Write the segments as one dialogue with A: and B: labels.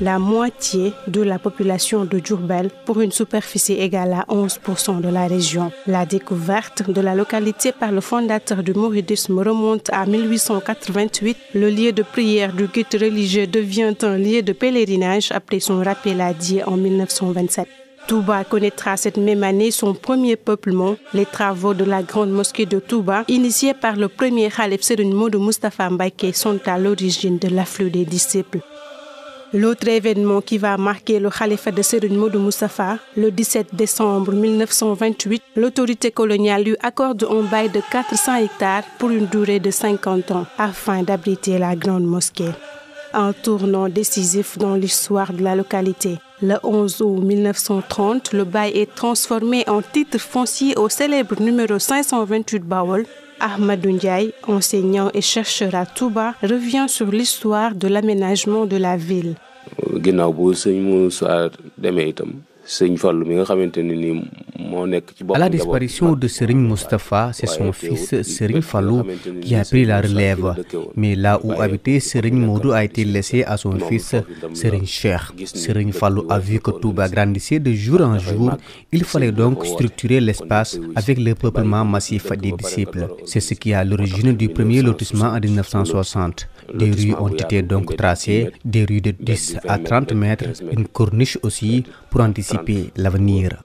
A: la moitié de la population de Djourbel pour une superficie égale à 11% de la région. La découverte de la localité par le fondateur du mouridisme remonte à 1888. Le lieu de prière du guide religieux devient un lieu de pèlerinage après son rappel à Dieu en 1927. Touba connaîtra cette même année son premier peuplement. Les travaux de la grande mosquée de Touba, initiés par le premier Khalif Serunmo de Mustafa Mbake, sont à l'origine de l'afflux des disciples. L'autre événement qui va marquer le Khalifa de Serunmo de Moussafa, le 17 décembre 1928, l'autorité coloniale lui accorde un bail de 400 hectares pour une durée de 50 ans afin d'abriter la grande mosquée. Un tournant décisif dans l'histoire de la localité. Le 11 août 1930, le bail est transformé en titre foncier au célèbre numéro 528 Bawol Ahmad Ndiaye, enseignant et chercheur à Touba, revient sur l'histoire de l'aménagement de la ville.
B: À la disparition de Serigne Mustapha, c'est son fils Serigne Fallou qui a pris la relève. Mais là où habitait Serigne Moudou a été laissé à son fils Serigne Cher. Serigne Fallou a vu que Touba grandissait de jour en jour. Il fallait donc structurer l'espace avec le peuplement massif des disciples. C'est ce qui a l'origine du premier lotissement en 1960. Des rues ont été donc tracées, des rues de 10 à 30 mètres, une corniche aussi pour anticiper l'avenir.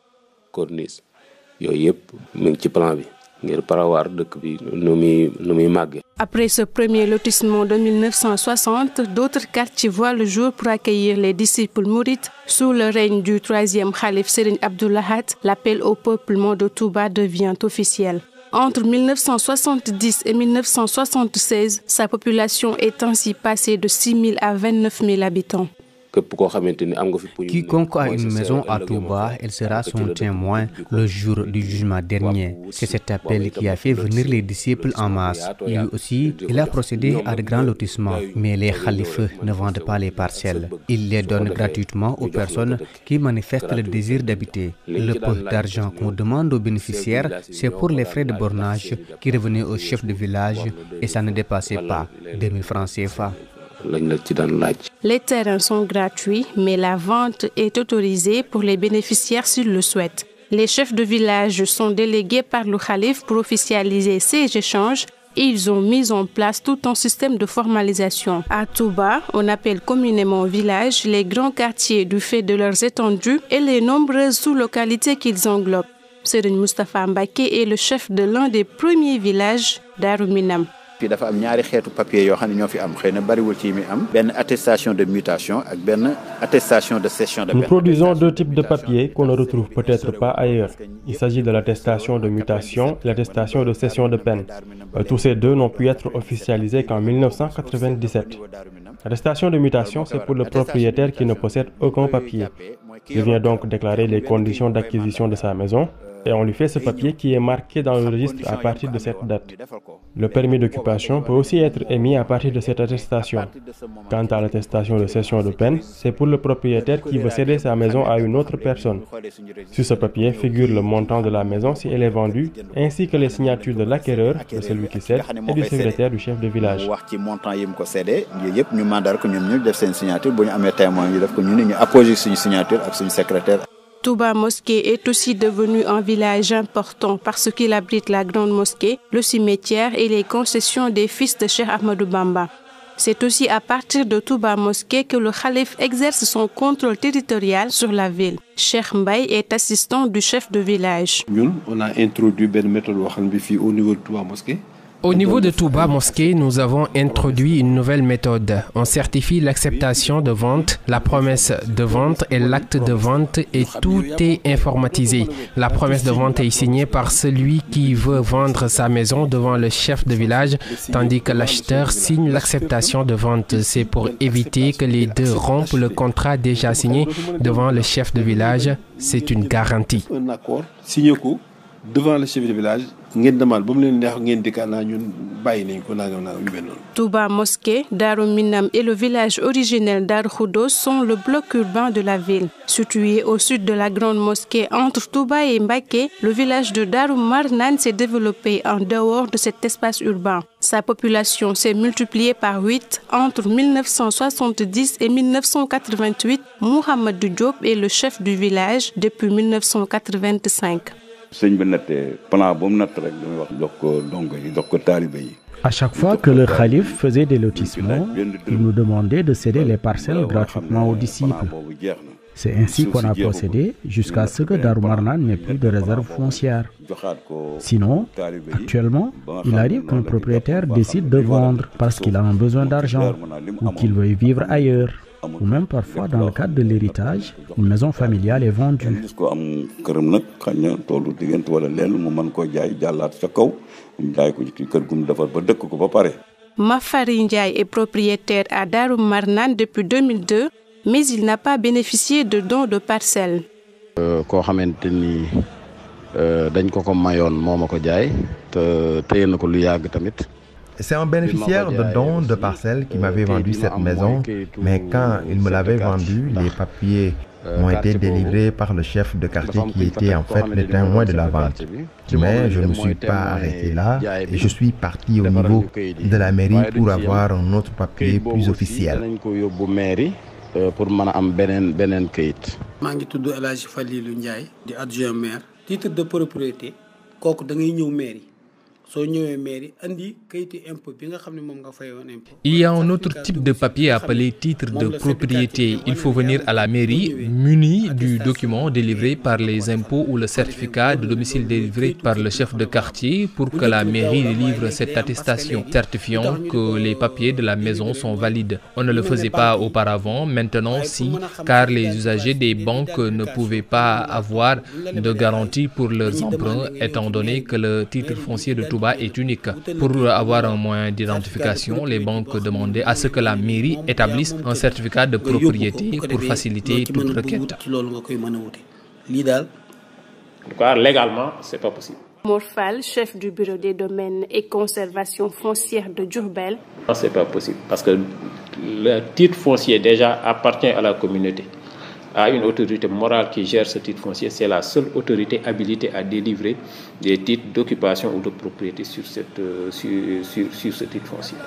B: Après
A: ce premier lotissement de 1960, d'autres quartiers voient le jour pour accueillir les disciples mourites. Sous le règne du troisième calife Sérin Abdullahat, l'appel au peuplement de Touba devient officiel. Entre 1970 et 1976, sa population est ainsi passée de 6 000 à 29 000 habitants.
C: Quiconque a une maison à
B: Touba, elle sera son témoin le jour du jugement dernier. C'est cet appel qui a fait venir les disciples en masse. Lui aussi, il a procédé à de grands lotissements, mais les khalifes ne vendent pas les parcelles. Ils les donnent gratuitement aux personnes qui manifestent le désir d'habiter. Le peu d'argent qu'on demande aux bénéficiaires, c'est pour les frais de bornage qui revenaient au chef de village et ça ne dépassait pas 2000 francs CFA
A: les terrains sont gratuits mais la vente est autorisée pour les bénéficiaires s'ils le souhaitent. Les chefs de village sont délégués par le Khalif pour officialiser ces échanges ils ont mis en place tout un système de formalisation. À Touba, on appelle communément village les grands quartiers du fait de leurs étendues et les nombreuses sous-localités qu'ils englobent. Serine Mustafa Mbaké est le chef de l'un des premiers villages d'Aruminam
C: attestation de mutation attestation de Nous produisons
D: deux types de papiers qu'on ne retrouve peut-être pas ailleurs. Il s'agit de l'attestation de mutation et l'attestation de session de peine. Euh, tous ces deux n'ont pu être officialisés qu'en 1997. L'attestation de mutation, c'est pour le propriétaire qui ne possède aucun papier. Il vient donc déclarer les conditions d'acquisition de sa maison. Euh, et on lui fait ce papier qui est marqué dans le registre à partir de cette date. Le permis d'occupation peut aussi être émis à partir de cette attestation. Quant à l'attestation de cession de peine, c'est pour le propriétaire qui veut céder sa maison à une autre personne. Sur ce papier figure le montant de la maison si elle est vendue, ainsi que les signatures de l'acquéreur, de celui qui cède, et du secrétaire du chef de village.
A: Touba Mosquée est aussi devenu un village important parce qu'il abrite la grande mosquée, le cimetière et les concessions des fils de Cheikh Ahmadou Bamba. C'est aussi à partir de Touba Mosquée que le Khalif exerce son contrôle territorial sur la ville. Cheikh Mbaye est assistant du chef de village. Nous,
B: on a introduit une méthode au niveau de Touba Mosquée.
E: Au niveau de Touba Mosquée, nous avons introduit une nouvelle méthode. On certifie l'acceptation de vente, la promesse de vente et l'acte de vente et tout est informatisé. La promesse de vente est signée par celui qui veut vendre sa maison devant le chef de village, tandis que l'acheteur signe l'acceptation de vente. C'est pour éviter que les deux rompent le contrat déjà signé devant le chef de village. C'est une garantie.
F: Devant le chef de village, Tuba
A: Touba Mosquée Darou Minam et le village originel Dar Khoudos sont le bloc urbain de la ville. Situé au sud de la grande mosquée entre Touba et Mbake, le village de Darum Marnan s'est développé en dehors de cet espace urbain. Sa population s'est multipliée par 8 entre 1970 et 1988. Mohamed Diop est le chef du village depuis 1985.
D: A À chaque fois que le calife faisait des lotissements, il nous demandait de céder les parcelles gratuitement aux disciples. C'est ainsi qu'on a procédé jusqu'à ce que Darumarnan n'ait plus de réserve foncière. Sinon, actuellement, il arrive qu'un propriétaire décide de vendre parce qu'il a un besoin d'argent ou qu'il veut vivre ailleurs ou même parfois dans le cadre de l'héritage, une maison familiale est vendue.
A: Mafari Ndiaye est propriétaire à Darum Marnan depuis 2002, mais il n'a pas bénéficié de dons de parcelles.
C: Euh,
F: c'est un bénéficiaire de dons de parcelles qui euh, m'avait vendu cette maison, mais quand il me l'avait vendue, les papiers euh, ont été délivrés par le chef de quartier qui était en fait le témoin de la vente. Mais je ne me suis pas arrêté là et je suis parti au niveau de la mairie pour avoir un autre papier plus officiel.
B: de il y a un autre type de papier appelé titre de propriété. Il faut venir
E: à la mairie muni du document délivré par les impôts ou le certificat de domicile délivré par le chef de quartier pour que la mairie délivre cette attestation certifiant que les papiers de la maison sont valides. On ne le faisait pas auparavant, maintenant si, car les usagers des banques ne pouvaient pas avoir de garantie pour leurs emprunts étant donné que le titre foncier de tout est unique. Pour avoir un moyen d'identification, les banques demandaient à ce que la mairie établisse un certificat de propriété pour faciliter toute requête.
C: légalement, c'est pas possible.
A: morfal chef du bureau des domaines et conservation foncière de Djurbel.
C: c'est pas possible parce que le titre foncier déjà appartient à la communauté à une autorité morale qui gère ce titre foncier, c'est la seule autorité habilitée à délivrer des titres d'occupation ou de propriété sur, euh, ce titre foncier.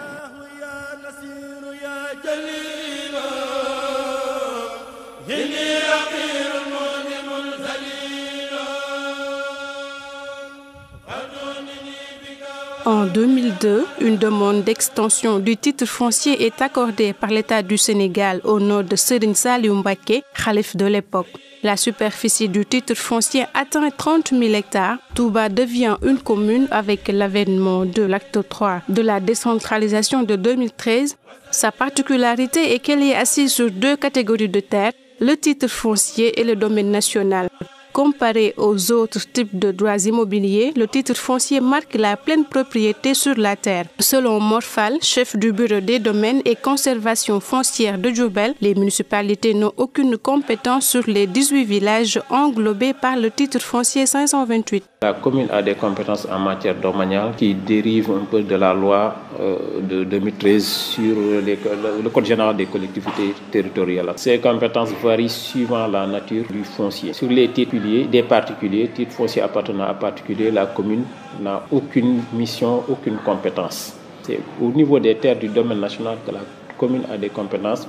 A: En 2002, une demande d'extension du titre foncier est accordée par l'État du Sénégal au nom de serin Salioumbake, Khalif de l'époque. La superficie du titre foncier atteint 30 000 hectares. Touba devient une commune avec l'avènement de l'acte 3 de la décentralisation de 2013. Sa particularité est qu'elle est assise sur deux catégories de terres, le titre foncier et le domaine national. Comparé aux autres types de droits immobiliers, le titre foncier marque la pleine propriété sur la terre. Selon Morphal, chef du bureau des domaines et conservation foncière de Djoubel, les municipalités n'ont aucune compétence sur les 18 villages englobés par le titre foncier 528.
C: La commune a des compétences en matière domaniale qui dérivent un peu de la loi euh, de 2013 sur le Code général des collectivités territoriales. Ces compétences varient suivant la nature du foncier. Sur les tituliers, des particuliers, titres fonciers appartenant à particuliers, la commune n'a aucune mission, aucune compétence. C'est au niveau des terres du domaine national que la commune a des compétences,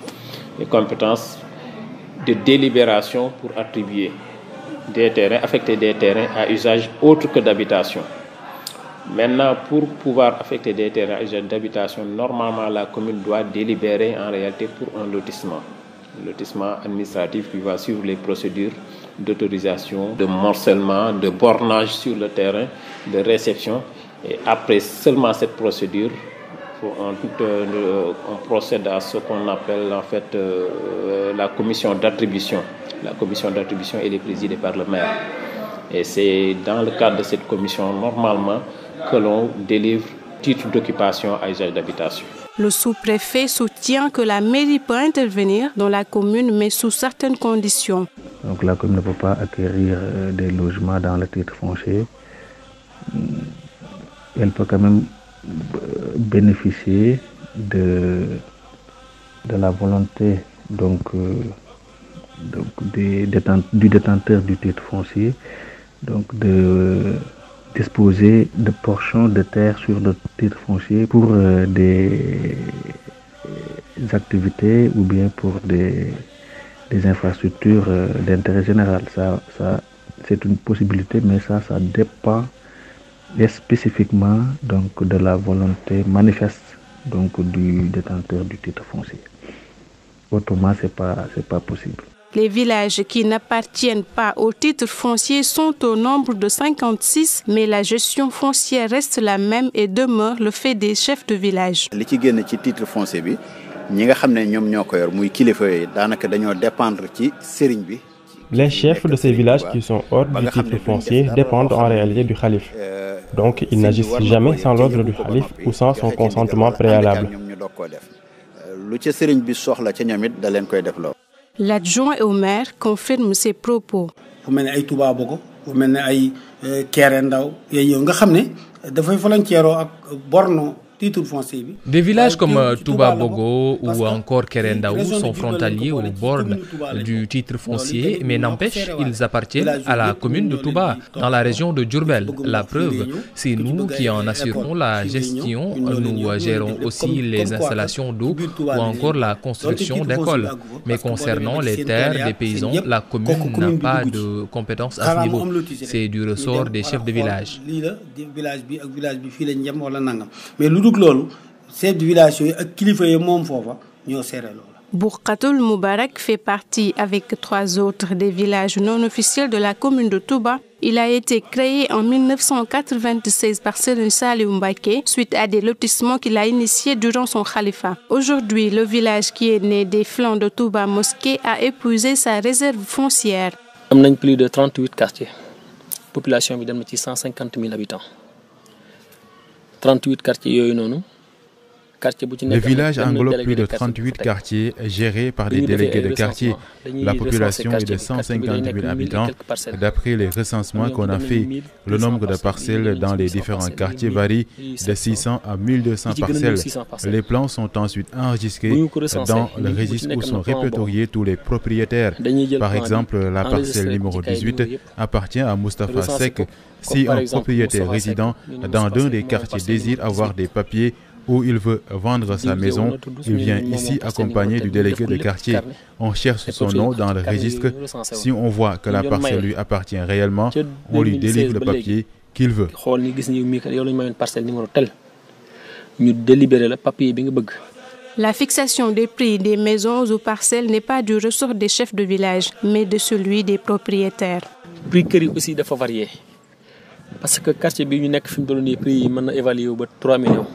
C: des compétences de délibération pour attribuer des terrains, affecter des terrains à usage autre que d'habitation. Maintenant, pour pouvoir affecter des terrains à usage d'habitation, normalement la commune doit délibérer en réalité pour un lotissement. Un lotissement administratif qui va suivre les procédures d'autorisation, de morcellement, de bornage sur le terrain, de réception. Et après seulement cette procédure, euh, on, procède à ce qu'on appelle en fait euh, la commission d'attribution la commission d'attribution, est présidée par le maire. Et c'est dans le cadre de cette commission, normalement, que l'on délivre titre d'occupation à usage d'habitation.
A: Le sous-préfet soutient que la mairie peut intervenir dans la commune, mais sous certaines conditions.
B: Donc la commune ne peut pas acquérir euh, des logements dans le titre foncier. Mm. Elle peut quand même euh, bénéficier de, de la volonté donc, euh, donc du détenteur du titre foncier, donc de disposer de portions de terre sur le titre foncier pour euh, des euh, activités ou bien pour des, infrastructures euh, d'intérêt général. Ça, c'est une possibilité, mais ça, ça dépend spécifiquement donc, de la volonté manifeste donc, du détenteur du titre foncier. Autrement, ce n'est pas possible.
A: Les villages qui n'appartiennent pas au titre foncier sont au nombre de 56, mais la gestion foncière reste la même et demeure le fait des chefs de village.
D: Les chefs de ces villages qui sont hors du titre foncier dépendent en réalité du calife. Euh, Donc, ils n'agissent jamais sans l'ordre du calife ou sans son consentement préalable.
C: L'adjoint
A: au maire confirme ses propos.
B: Des
E: villages comme euh, Touba Bogo ou encore Kerendaou sont frontaliers aux bornes du titre foncier, mais n'empêche, ils appartiennent à la commune de Touba, dans la région de Djurbel. La preuve, c'est nous qui en assurons la gestion, nous gérons aussi les installations d'eau ou encore la construction d'écoles. Mais concernant les terres des paysans, la commune n'a pas de compétences à ce niveau. C'est du ressort des chefs de
B: village. Tout
A: Bourkatoul Moubarak fait partie, avec trois autres, des villages non officiels de la commune de Touba. Il a été créé en 1996 par Serin Salih Mbake suite à des lotissements qu'il a initiés durant son khalifa. Aujourd'hui, le village qui est né des flancs de Touba Mosquée a épuisé sa réserve foncière.
E: Nous avons plus de 38 quartiers. population de 150 000 habitants. 38 quartiers yooyu noonu Le village englobe plus de 38
F: quartiers gérés par des délégués de quartier. La population est de 150 000 habitants. D'après les recensements qu'on a faits, le nombre de parcelles dans les différents quartiers varie de 600 à 1200 parcelles. Les plans sont ensuite enregistrés dans le registre où sont répertoriés tous les propriétaires. Par exemple, la parcelle numéro 18 appartient à Mustafa Sek. Si un propriétaire résident dans un des quartiers désire avoir des papiers où il veut vendre sa maison, il vient ici accompagné du délégué de quartier. On cherche son nom dans le registre. Si on voit que la parcelle lui appartient réellement, on lui délivre le papier qu'il veut.
A: La fixation des prix des maisons ou parcelles n'est pas du ressort des chefs de village, mais de celui des propriétaires.
E: prix aussi parce que quartier prix 3 millions.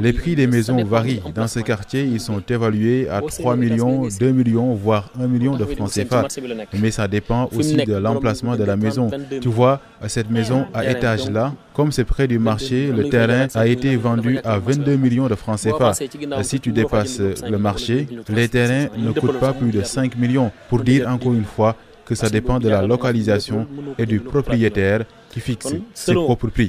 F: Les prix des maisons varient. Dans ce quartier, ils sont évalués à 3 millions, 2 millions, voire 1 million de francs CFA. Mais ça dépend aussi de l'emplacement de la maison. Tu vois, cette maison à étage-là, comme c'est près du marché, le terrain a été vendu à 22 millions de francs CFA. Si tu dépasses le marché, les terrains ne coûtent pas plus de 5 millions. Pour dire encore une fois que ça dépend de la localisation et du propriétaire fixé prix prix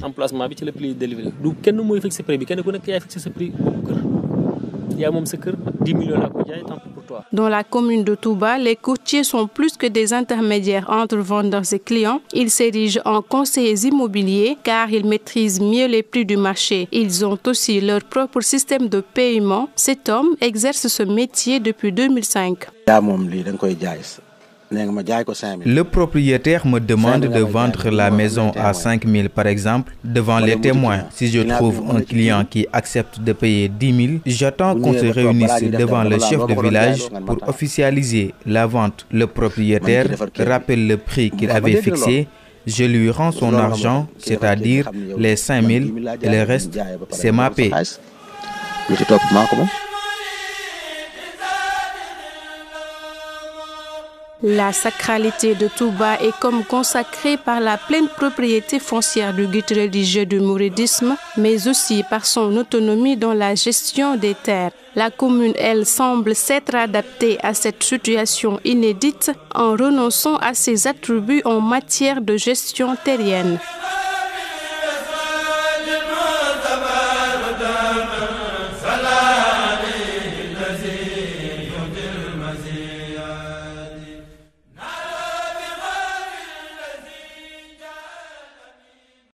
A: Dans la commune de Touba, les courtiers sont plus que des intermédiaires entre vendeurs et clients. Ils s'érigent en conseillers immobiliers car ils maîtrisent mieux les prix du marché. Ils ont aussi leur propre système de paiement. Cet homme exerce ce métier depuis 2005.
B: Le propriétaire me demande de vendre la maison à 5 000 par exemple devant les témoins. Si je trouve un client qui accepte de payer 10 000, j'attends qu'on se réunisse devant le chef de village pour officialiser la vente. Le propriétaire rappelle le prix qu'il avait fixé je lui rends son argent, c'est-à-dire les 5 000 et le reste, c'est
C: ma paix.
A: La sacralité de Touba est comme consacrée par la pleine propriété foncière du guide religieux du mouridisme, mais aussi par son autonomie dans la gestion des terres. La commune, elle, semble s'être adaptée à cette situation inédite en renonçant à ses attributs en matière de gestion terrienne.